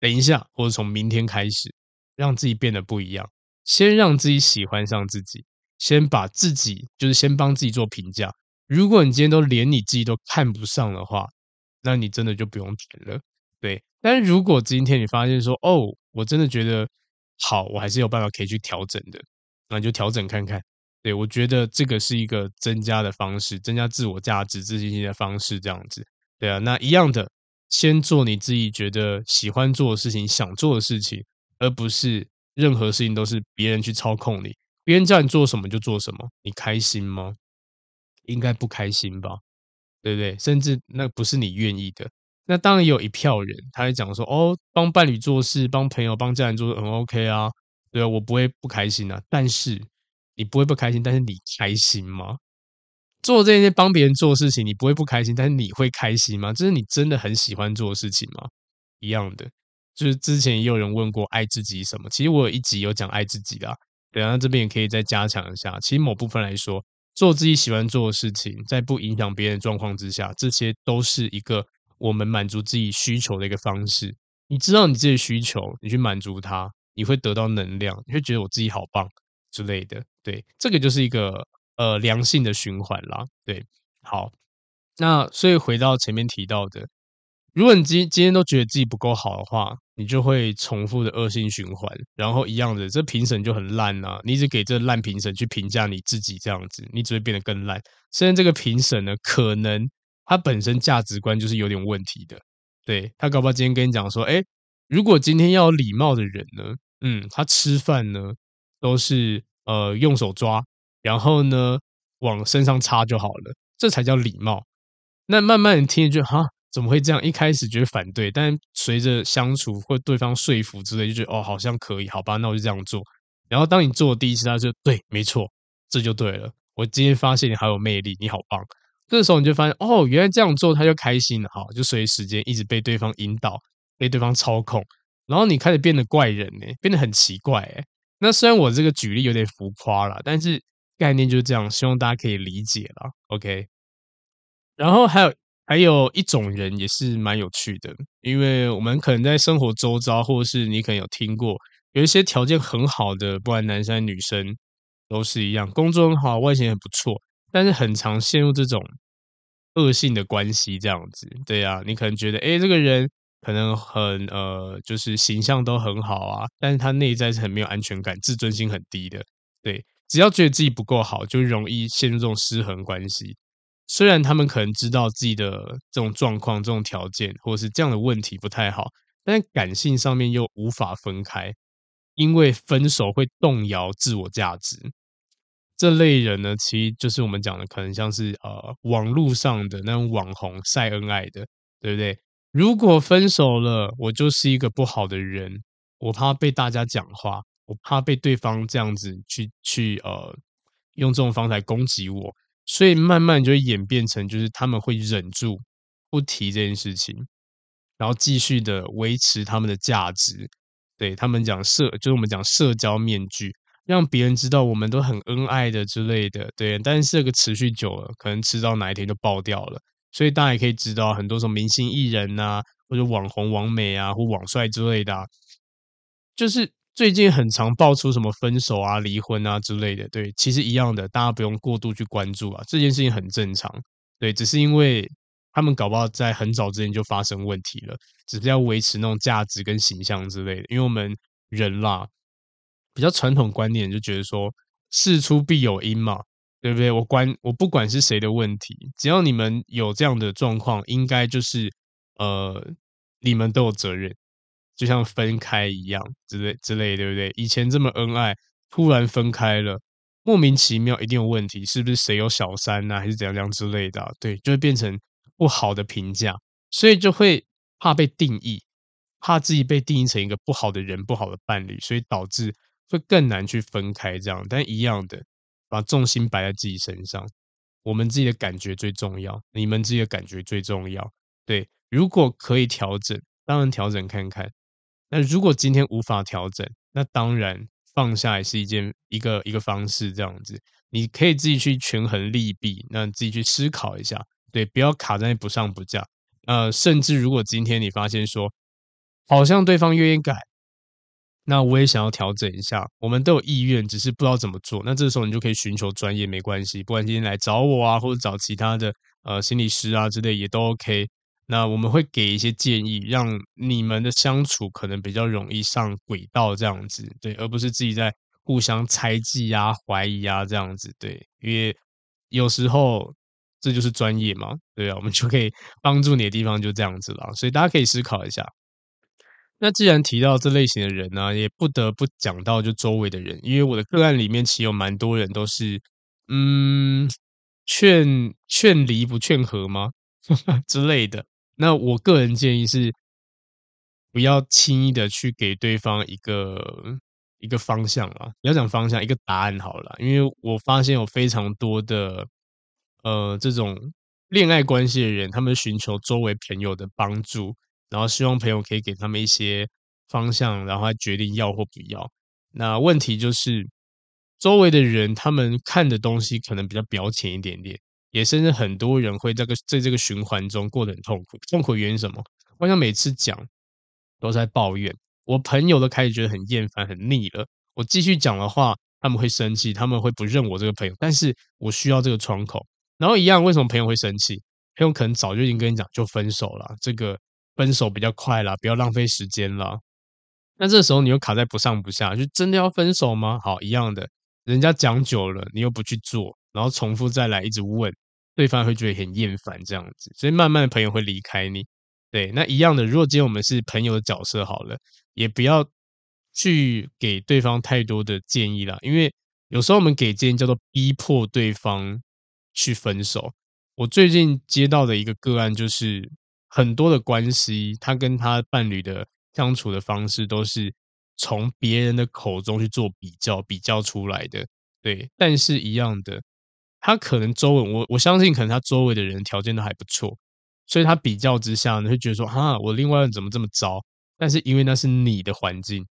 等一下，或者從明天開始，讓自己變得不一樣。先讓自己喜歡上自己，先把自己，就是先幫自己做評價。如果你今天都連你自己都看不上的話，那你真的就不用卷了，對。但是如果今天你發現說，哦，我真的覺得好，我還是有辦法可以去調整的，那你就調整看看。對，我覺得這個是一個增加的方式，增加自我價值、自信心的方式，這樣子，對啊。那一樣的，先做你自己覺得喜歡做的事情、想做的事情，而不是任何事情都是別人去操控你，別人叫你做什麼就做什麼，你開心嗎？應該不開心吧，對不對？甚至那不是你願意的。那當然也有一票人，他會講說：“哦，幫伴侶做事，幫朋友，幫家人做事，很、嗯、OK 啊，對啊，我不會不開心啊。”但是你不會不開心，但是你開心嗎？做這些幫別人做事情，你不會不開心，但是你會開心嗎？這、就是你真的很喜歡做的事情嗎？一樣的，就是之前也有人問過愛自己什麼，其實我有一集有講愛自己的，對啊，這邊也可以再加強一下。其實某部分來說。做自己喜歡做的事情，在不影響別人的狀況之下，這些都是一個我們滿足自己需求的一個方式。你知道你自己的需求，你去滿足它，你會得到能量，你會覺得我自己好棒之類的。對，這個就是一個呃良性的循環啦。對，好，那所以回到前面提到的。如果你今今天都覺得自己不夠好的話，你就會重複的惡性循環，然後一樣的，這評審就很爛吶、啊。你一直給這爛評審去評價你自己，這樣子，你只會變得更爛。現在這個評審呢，可能他本身價值觀就是有點問題的。對，他搞不好今天跟你講說，哎，如果今天要有禮貌的人呢，嗯，他吃飯呢都是呃用手抓，然後呢往身上擦就好了，這才叫禮貌。那慢慢你聽一句哈。怎麼會這樣？一開始覺得反對，但隨着相處或對方說服之類，就覺得哦，好像可以，好吧，那我就這樣做。然後當你做第一次，他就對，沒錯，這就對了。我今天發現你好有魅力，你好棒。這個時候你就發現哦，原來這樣做他就開心了，哈，就隨時間一直被對方引導，被對方操控，然後你開始變得怪人呢欸，變得很奇怪欸。哎，那雖然我這個舉例有點浮誇了，但是概念就是這樣，希望大家可以理解了。OK，然後還有。還有一種人也是蠻有趣的，因為我們可能在生活周遭，或者是你可能有聽過，有一些條件很好的，不管男生女生都是一樣，工作很好，外形也不錯，但是很常陷入這種惡性的關係這樣子。對啊，你可能覺得，誒，這個人可能很呃，就是形象都很好啊，但是他內在是很沒有安全感，自尊心很低的。對，只要覺得自己不夠好，就容易陷入這種失衡關係。雖然他們可能知道自己的這種狀況、這種條件，或者是這樣的問題不太好，但感性上面又無法分開，因為分手會動搖自我價值。這類人呢，其實就是我們講的，可能像是呃網絡上的那種網紅曬恩愛的，對不對？如果分手了，我就是一個不好的人，我怕被大家講話，我怕被對方這樣子去去呃用這種方式來攻擊我。所以慢慢就演變成，就是他們會忍住不提這件事情，然後繼續的維持他們的價值，對他們講社，就是我們講社交面具，讓別人知道我們都很恩愛的之類的。對，但是這個持續久了，可能遲早哪一天就爆掉了。所以大家也可以知道，很多什麼明星藝人啊，或者網紅網美啊，或網帥之類的啊，就是。最近很常爆出什麼分手啊、離婚啊之類的，對，其實一樣的，大家不用過度去關注啊，這件事情很正常。對，只是因為他們搞不好在很早之前就發生問題了，只是要維持那種價值跟形象之類的。因為我們人啦，比較傳統觀念就覺得說事出必有因嘛，對不對？我管我不管是誰的問題，只要你們有這樣的狀況，應該就是呃，你們都有責任。就像分開一樣之類之類，對不對？以前這麼恩愛，突然分開了，莫名其妙，一定有問題，是不是誰有小三吶、啊，還是怎樣這樣之類的、啊？對，就會變成不好的評價，所以就會怕被定義，怕自己被定義成一個不好的人、不好的伴侶，所以導致會更難去分開這樣。但一樣的，把重心擺在自己身上，我們自己的感覺最重要，你們自己的感覺最重要。對，如果可以調整，當然調整看看。那如果今天無法調整，那當然放下也是一件一個一個方式這樣子，你可以自己去權衡利弊，那你自己去思考一下，對，不要卡在那不上不下。呃，甚至如果今天你發現說，好像對方願意改，那我也想要調整一下，我們都有意願，只是不知道怎麼做。那這時候你就可以尋求專業，沒關係，不管今天來找我啊，或者找其他的呃心理師啊之類，也都 OK。那我們會給一些建議，讓你們的相處可能比較容易上軌道這樣子，對，而不是自己在互相猜忌呀、懷疑呀這樣子，對，因為有時候這就是專業嘛，對啊，我們就可以幫助你的地方就這樣子了，所以大家可以思考一下。那既然提到這類型的人呢，也不得不講到就周圍的人，因為我的個案裡面其實有蠻多人都是，嗯，勸勸離不勸和嗎 之類的。那我個人建議是，不要輕易的去給對方一個一個方向啊，不要講方向，一個答案好了，因為我發現有非常多的，呃，這種戀愛關係的人，他們尋求周圍朋友的幫助，然後希望朋友可以給他們一些方向，然後還決定要或不要。那問題就是，周圍的人他們看的東西可能比較表淺一點點。也甚至很多人會在、這個在這個循環中過得很痛苦，痛苦原因是什麼？我想每次講都在抱怨，我朋友都開始覺得很厭煩、很膩了。我繼續講的話，他們會生氣，他們會不認我這個朋友。但是我需要這個窗口。然後一樣，為什麼朋友會生氣？朋友可能早就已經跟你講，就分手了。這個分手比較快了，不要浪費時間了。那這時候你又卡在不上不下，就真的要分手嗎？好，一樣的，人家講久了，你又不去做，然後重複再來，一直問。對方會覺得很厭煩，這樣子，所以慢慢的朋友會離開你。對，那一樣的，如果今天我們是朋友的角色好了，也不要去給對方太多的建議啦。因為有時候我們給建議叫做逼迫對方去分手。我最近接到的一個個案就是，很多的關係，他跟他伴侶的相處的方式都是從別人的口中去做比較、比較出來的。對，但是一樣的。他可能周圍，我我相信可能他周圍的人條件都還不錯，所以他比較之下呢，會覺得說啊，我另外一半怎麼這麼糟？但是因為那是你的環境，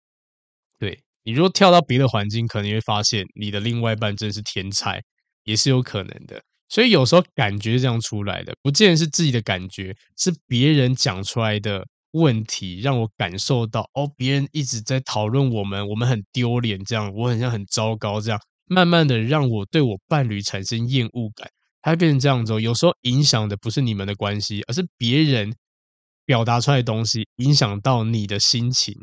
對你如果跳到別的環境，可能你會發現你的另外一半真是天才，也是有可能的。所以有時候感覺是這樣出來的，不見得是自己的感覺，是別人講出來的問題讓我感受到哦，別人一直在討論我們，我們很丟臉，這樣我很像很糟糕這樣。慢慢的讓我對我伴侶產生厭惡感，它變成這樣子。有時候影響的不是你們的關係，而是別人表達出來的東西影響到你的心情，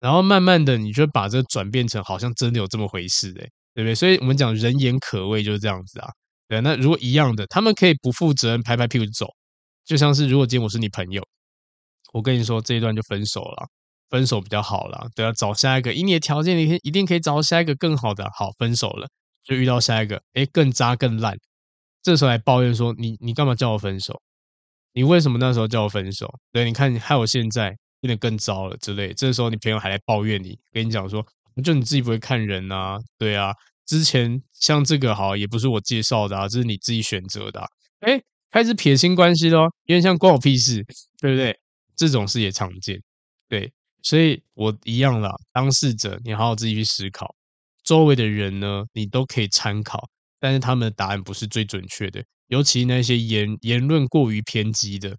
然後慢慢的你就把這轉變成好像真的有這麼回事，欸，哎，對不對？所以我們講人言可畏就是這樣子啊。對啊，那如果一樣的，他們可以不負責任拍拍屁股走，就像是如果今天我是你朋友，我跟你說這一段就分手了啊。分手比較好啦，對啊，找下一個，以你的條件，你一定可以找到下一個更好的。好，分手了，就遇到下一個，誒，更渣更爛，這時候還抱怨說你你幹嘛叫我分手？你為什麼那時候叫我分手？對，你看你害我現在變得更糟了之類。這時候你朋友還來抱怨你，跟你講說，就你自己不會看人啊，對啊，之前像這個好也不是我介紹的啊，這是你自己選擇的啊。誒，開始撇清關係咯，有點像關我屁事，對不對？這種事也常見，對。所以我一樣啦，當事者你好好自己去思考，周圍的人呢，你都可以參考，但是他們的答案不是最準確的，尤其那些言言論過於偏激的，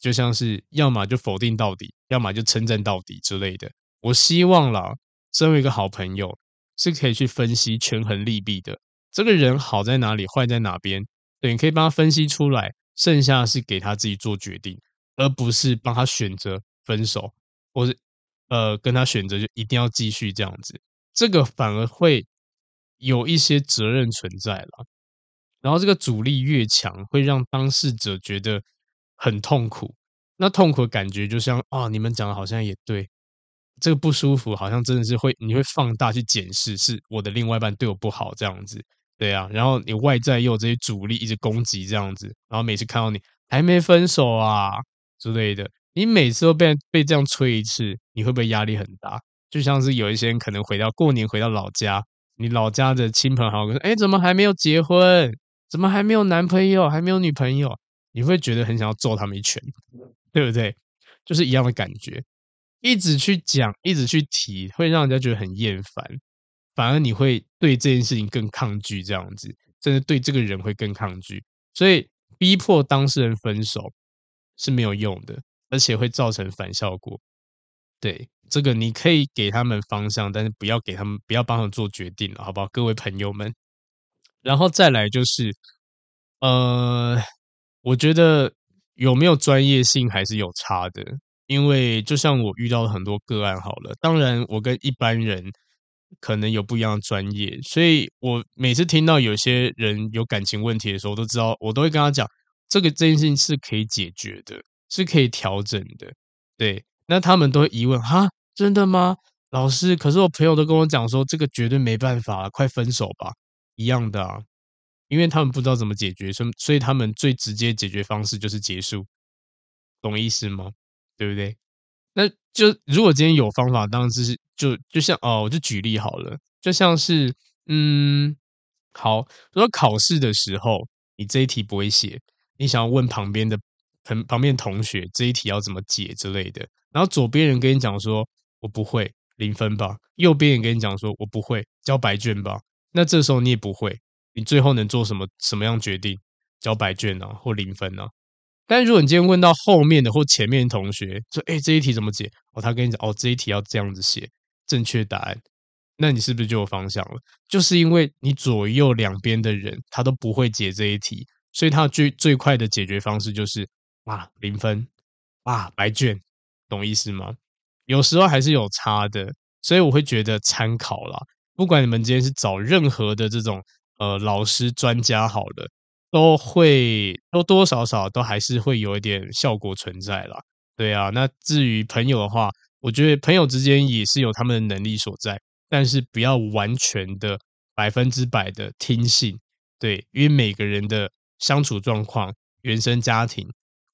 就像是要麼就否定到底，要麼就稱讚到底之類的。我希望啦，身為一個好朋友，是可以去分析、權衡利弊的，這個人好在哪裡，壞在哪邊，對，你可以幫他分析出來，剩下是給他自己做決定，而不是幫他選擇分手，或呃，跟他選擇就一定要繼續這樣子，這個反而會有一些責任存在了。然後這個阻力越強，會讓當事者覺得很痛苦。那痛苦的感覺就像啊，你們講的好像也對，這個不舒服好像真的是會，你會放大去檢視，是我的另外一半對我不好這樣子，對啊。然後你外在又有這些阻力一直攻擊這樣子，然後每次看到你還沒分手啊之類的。你每次都被被這樣催一次，你會不會壓力很大？就像是有一些人可能回到過年回到老家，你老家的親朋好友哎，怎麼還沒有結婚？怎麼還沒有男朋友？還沒有女朋友？你會覺得很想要揍他們一拳，對不對？就是一樣的感覺，一直去講，一直去提，會讓人家覺得很厭煩，反而你會對這件事情更抗拒，這樣子，甚至對這個人會更抗拒。所以，逼迫當事人分手是沒有用的。而且會造成反效果。對這個，你可以給他們方向，但是不要給他們，不要幫他們做決定了，好不好，各位朋友們？然後再來就是，呃，我覺得有沒有專業性還是有差的，因為就像我遇到了很多個案，好了，當然我跟一般人可能有不一樣的專業，所以我每次聽到有些人有感情問題的時候，我都知道我都會跟他講，這個這件事情是可以解決的。是可以調整的，對。那他們都會疑問：哈，真的嗎，老師？可是我朋友都跟我講說，這個絕對沒辦法，快分手吧，一樣的啊。因為他們不知道怎麼解決，所以所以他們最直接解決方式就是結束，懂意思嗎？對不對？那就如果今天有方法，當然是就就像哦，我就舉例好了，就像是嗯，好，比如說考試的時候，你這一題不會寫，你想要問旁邊的。旁邊同學這一題要怎麼解之類的，然後左邊人跟你講說：“我不會，零分吧。”右邊人跟你講說：“我不會，交白卷吧。”那這時候你也不會，你最後能做什麼？什麼樣決定？交白卷呢、啊，或零分呢、啊？但如果你今天問到後面的或前面同學說：“哎、欸，這一題怎麼解？”哦，他跟你講：“哦，這一題要這樣子寫，正確答案。”那你是不是就有方向了？就是因為你左右兩邊的人他都不會解這一題，所以他最最快的解決方式就是。哇，零分，哇，白卷，懂意思嗎？有時候還是有差的，所以我會覺得參考啦，不管你們之間是找任何的這種呃老師、專家，好了，都會多多少少都還是會有一點效果存在啦。對啊，那至於朋友的話，我覺得朋友之間也是有他們的能力所在，但是不要完全的百分之百的聽信。對，因為每個人的相處狀況、原生家庭。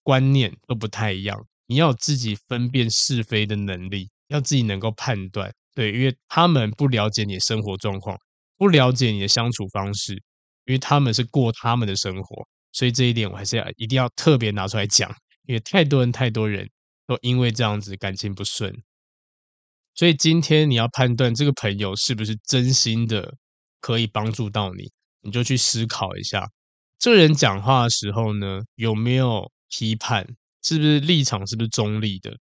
觀念都不太一樣，你要有自己分辨是非的能力，要自己能夠判斷對，因為他們不了解你的生活狀況，不了解你的相處方式，因為他們是過他們的生活，所以這一點我還是要一定要特別拿出來講，因為太多人太多人都因為這樣子感情不順，所以今天你要判斷這個朋友是不是真心的可以幫助到你，你就去思考一下，這個人講話的時候呢，有沒有，批判，是不是立場、是不是中立的？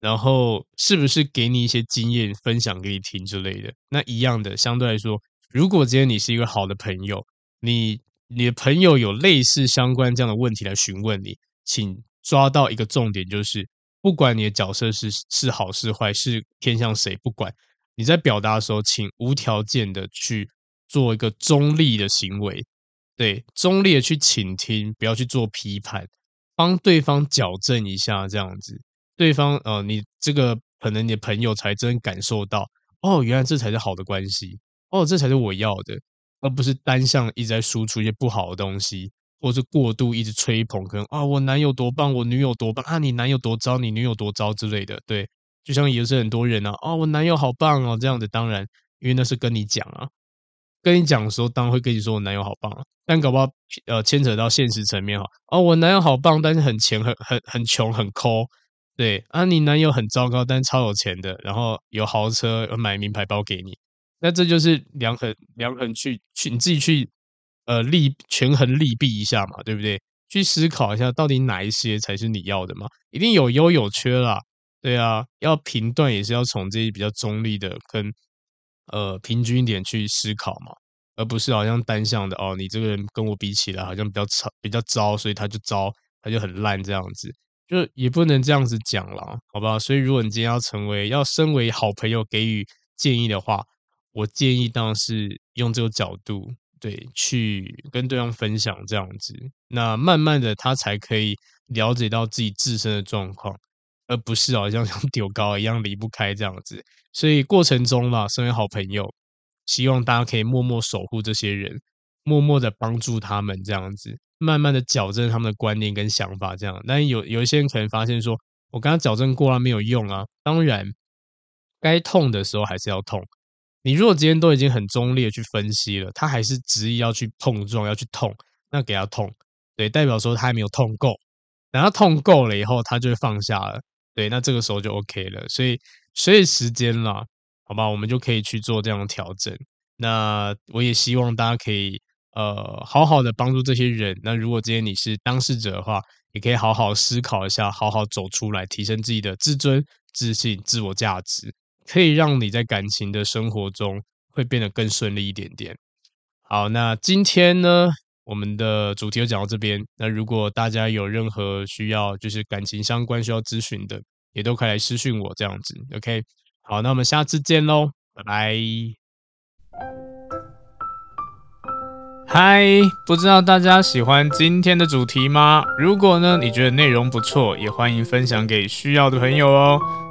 然後是不是給你一些經驗分享給你聽之類的？那一樣的，相對來說，如果今天你是一個好的朋友，你、你的朋友有類似相關這樣的問題來詢問你，請抓到一個重點，就是不管你的角色是、是好是壞，是偏向誰，不管你在表達的時候，請無條件的去做一個中立的行為。對，中立的去傾聽，不要去做批判。幫對方矯正一下，這樣子，對方，呃，你這個可能你的朋友才真感受到，哦，原來這才是好的關係，哦，這才是我要的，而不是單向一直在輸出一些不好的東西，或是過度一直吹捧，可能啊，哦，我男友多棒，我女友多棒，啊，你男友多糟，你女友多糟之類的，對，就像也是很多人啊，哦，我男友好棒哦，這樣子，當然，因為那是跟你講啊。跟你講的時候，當然會跟你說我男友好棒啊。但搞不好呃，牽扯到現實層面哈，哦，我男友好棒，但是很錢，很很很窮很摳。對啊，你男友很糟糕，但是超有錢的，然後有豪車買名牌包給你，那這就是兩衡兩衡去去你自己去呃利權衡利弊一下嘛，對不對？去思考一下到底哪一些才是你要的嘛，一定有優有缺啦，對啊，要評斷也是要從這些比較中立的跟。呃，平均一點去思考嘛，而不是好像單向的哦。你這個人跟我比起來，好像比較比較糟，所以他就糟，他就很爛這樣子，就也不能這樣子講啦，好不好？所以如果你今天要成為、要身為好朋友給予建議的話，我建議當然是用這個角度對去跟對方分享這樣子，那慢慢的他才可以了解到自己自身的狀況。而不是哦，像像丟高一樣離不開這樣子，所以過程中嘛，身為好朋友，希望大家可以默默守護這些人，默默的幫助他們這樣子，慢慢的矯正他們的觀念跟想法這樣。但有有一些人可能發現說，我剛剛矯正過了沒有用啊。當然，該痛的時候還是要痛。你如果今天都已經很中立的去分析了，他還是執意要去碰撞，要去痛，那給他痛，對，代表說他還沒有痛夠。等他痛夠了以後，他就會放下了。對，那這個時候就 OK 了，所以，所以時間啦，好吧，我們就可以去做這樣的調整。那我也希望大家可以，呃，好好的幫助這些人。那如果今天你是當事者的話，也可以好好思考一下，好好走出來，提升自己的自尊、自信、自我價值，可以讓你在感情的生活中會變得更順利一點點。好，那今天呢，我們的主題就講到這邊，那如果大家有任何需要，就是感情相關需要諮詢的，也都快來私訊我這樣子，OK？好，那我們下次見嘍，拜拜。嗨，不知道大家喜歡今天的主題嗎？如果呢，你覺得內容不錯，也歡迎分享給需要的朋友哦。